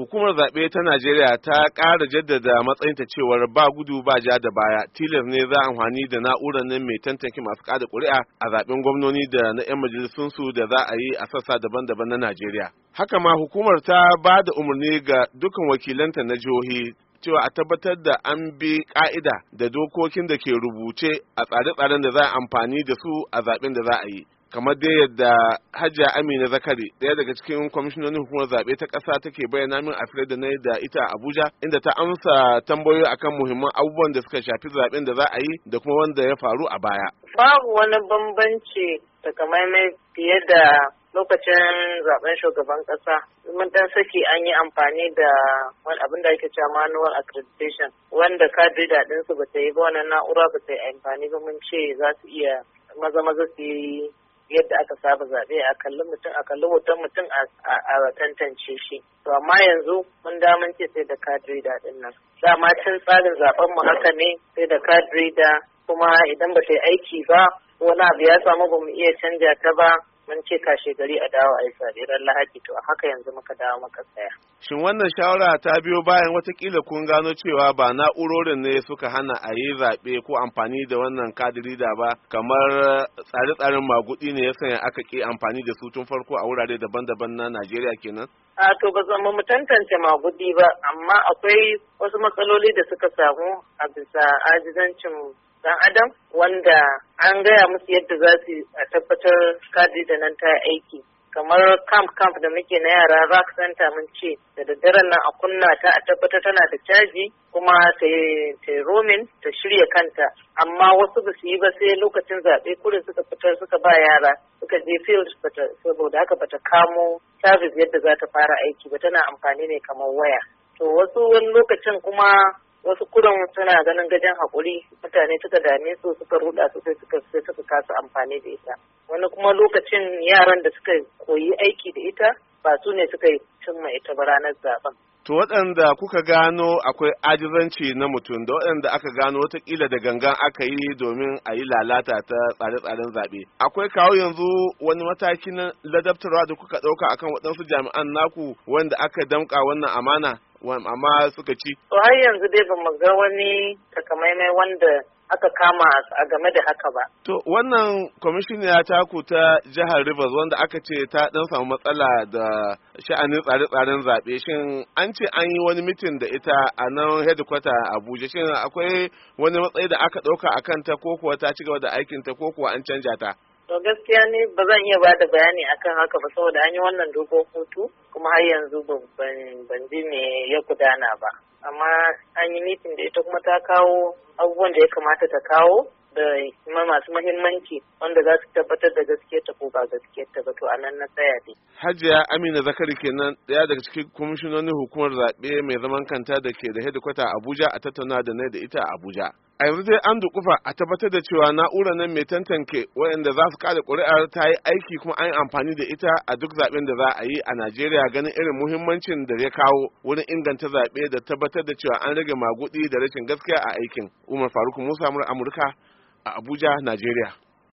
hukumar zaɓe ta najeriya ta ƙara jaddada matsayinta cewar ba gudu ba ja da baya tilas ne za amfani da na'urar nan mai tantance masu kada ƙuri'a a zaɓen gwamnoni da na 'yan majalisunsu da za a yi a sassa daban-daban na najeriya haka ma hukumar ta ba da umarni ga dukkan wakilanta na jihohi cewa a tabbatar da an bi ka'ida da dokokin da ke rubuce a tsare-tsaren da za a amfani da su a zaɓen da za a yi kamar dai yadda hajji amina zakari daya daga cikin kwamishinonin hukumar zaɓe ta ƙasa take bayyana min a da na da ita abuja inda ta amsa tambayoyi akan muhimman abubuwan da suka shafi zaɓen da za a yi da kuma wanda ya faru a baya babu wani bambanci takamaimai fiye da lokacin zaben shugaban kasa mun dan saki an yi amfani da wani abin da ake cewa manual accreditation wanda da din su ta yi ba wannan na'ura ba ta yi amfani ba mun ce za su iya maza maza su yi yadda aka saba zaɓe a kalli mutum a kalli hoton mutum a tantance shi to amma yanzu mun da ce sai da card reader din nan dama tun tsarin zaben mu haka ne sai da card kuma idan ba sai aiki ba wani abu ya samu ba mu iya canja ta ba mun ce kashe gari a dawo a yi sabiran lahadi to a haka yanzu muka dawo muka tsaya. Shin wannan shawara ta biyo bayan watakila kun gano cewa ba na'urorin ne suka hana a yi zaɓe ko amfani da wannan kadirida ba kamar tsare-tsaren magudi ne ya sanya aka ke amfani da su tun farko a wurare daban-daban na Najeriya kenan? A to ba zama mu tantance magudi ba amma akwai wasu matsaloli da suka samu a bisa ajizancin dan adam wanda an gaya musu yadda za su a tabbatar kadi da nan ta aiki kamar camp camp da muke na yara rock center mun ce da daddaren nan a kunna ta a tabbatar tana da caji kuma ta yi roaming ta shirya kanta amma wasu ba su yi ba sai lokacin zaɓe kurin suka fitar suka ba yara suka je field saboda haka bata kamo service yadda za ta fara aiki ba tana amfani ne kamar waya to wasu wani lokacin kuma wasu kudan suna ganin gajen haƙuri mutane suka dame su suka ruɗa su sai suka sai suka kasa amfani da ita wani kuma lokacin yaran da suka koyi aiki da ita ba su ne suka cimma ita ba ranar zaben to waɗanda kuka gano akwai ajizanci na mutum da waɗanda aka gano watakila da gangan aka yi domin a yi lalata ta tsare-tsaren zaɓe akwai kawo yanzu wani mataki ladabtarwa da kuka ɗauka akan waɗansu jami'an naku wanda aka damƙa wannan amana amma suka ci. To har yanzu dai ba mu ga wani takamaimai wanda aka kama a game da haka ba. To wannan kwamishiniya taku ta jihar Rivers wanda aka ce ta dan samu matsala da sha'anin tsare-tsaren zaɓe shin an ce an yi wani mitin da ita a nan a Abuja shin akwai wani matsayi da aka ɗauka a kanta ko kuwa ta ci gaba da aikinta ko kuwa an canja ta? To gaskiya ne ba zan iya bada bayani akan haka ba saboda an yi wannan dogon hutu kuma har yanzu ban ji me ya gudana ba. Amma an yi mitin da ita kuma ta kawo abubuwan da ya kamata ta kawo da kuma masu mahimmanci wanda za su tabbatar da ta ko ba ta ba to a nan na tsaya dai. Hajiya Amina Zakari kenan ɗaya daga cikin kwamishinonin hukumar zaɓe mai zaman kanta da ke da hedikwata Abuja a tattauna da na da ita a Abuja. a yanzu dai an dukufa a tabbatar da cewa na'urar nan mai tantanke waɗanda za su kada ƙuri'ar ta yi aiki kuma an yi amfani da ita a duk zaɓen da za a yi a najeriya ganin irin muhimmancin da ya kawo wurin inganta zaɓe da tabbatar da cewa an rage magudi da rashin gaskiya a aikin umar faruk musa amurka a abuja najeriya